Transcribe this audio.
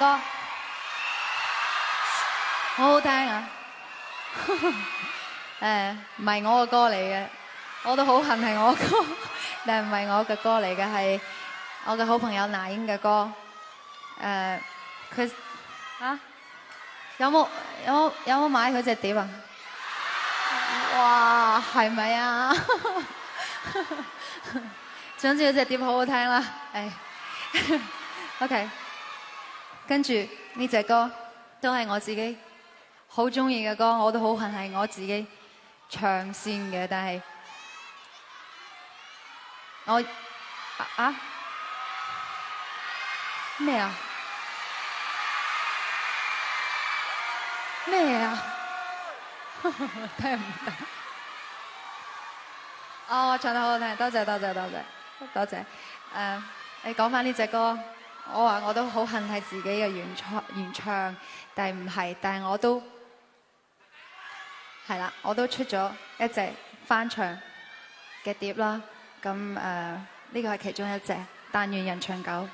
歌好好聽啊！誒、 欸，唔係我嘅歌嚟嘅，我都好恨係我嘅歌，但唔係我嘅歌嚟嘅，係我嘅好朋友那英嘅歌。誒、欸，佢嚇、啊、有冇有冇有冇買佢隻碟啊、嗯？哇，係咪啊？總之佢隻碟好好聽啦、啊。誒、欸、 ，OK。跟住呢隻歌都係我自己好中意嘅歌，我都好恨係我自己唱先嘅，但係我啊咩啊咩啊，睇唔到，哦，我唱得好好聽，多謝多謝多謝多謝，多謝，謝，誒、啊、你講翻呢隻歌。我話我都好恨係自己嘅原唱原唱，但係唔係，但係我都係啦，我都出咗一隻翻唱嘅碟啦，咁誒呢個係其中一隻，但願人長久。